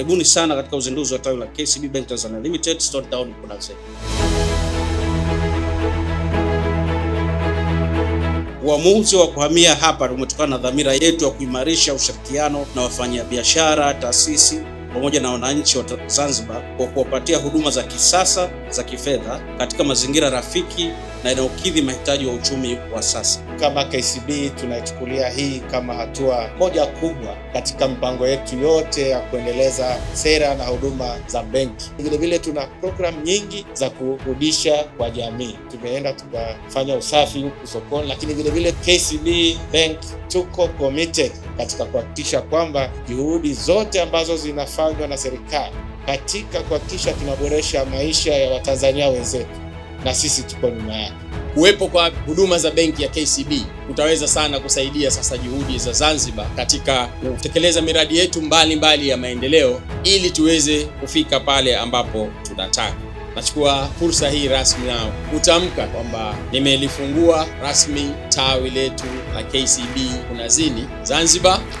Karibuni sana katika uzinduzi wa tawi la KCB Bank Tanzania Limited Stone Town Mkunazini. Uamuzi wa kuhamia hapa umetokana na dhamira yetu ya kuimarisha ushirikiano na wafanyabiashara, taasisi pamoja na wananchi wa Zanzibar kwa kuwapatia huduma za kisasa za kifedha katika mazingira rafiki na yanayokidhi mahitaji ya uchumi wa sasa. Kama KCB tunaichukulia hii kama hatua moja kubwa katika mpango yetu yote ya kuendeleza sera na huduma za benki. Vilevile tuna programu nyingi za kurudisha kwa jamii. Tumeenda tukafanya usafi huku sokoni, lakini vilevile KCB Bank tuko committed katika kuhakikisha kwamba juhudi zote ambazo zinafanywa na serikali katika kuhakikisha tunaboresha maisha ya Watanzania wenzetu, na sisi tuko nyuma yake. Kuwepo kwa huduma za benki ya KCB kutaweza sana kusaidia sasa juhudi za Zanzibar katika kutekeleza miradi yetu mbalimbali mbali ya maendeleo ili tuweze kufika pale ambapo tunataka. Nachukua fursa hii rasmi na kutamka kwamba nimelifungua rasmi tawi letu la KCB kunazini Zanzibar.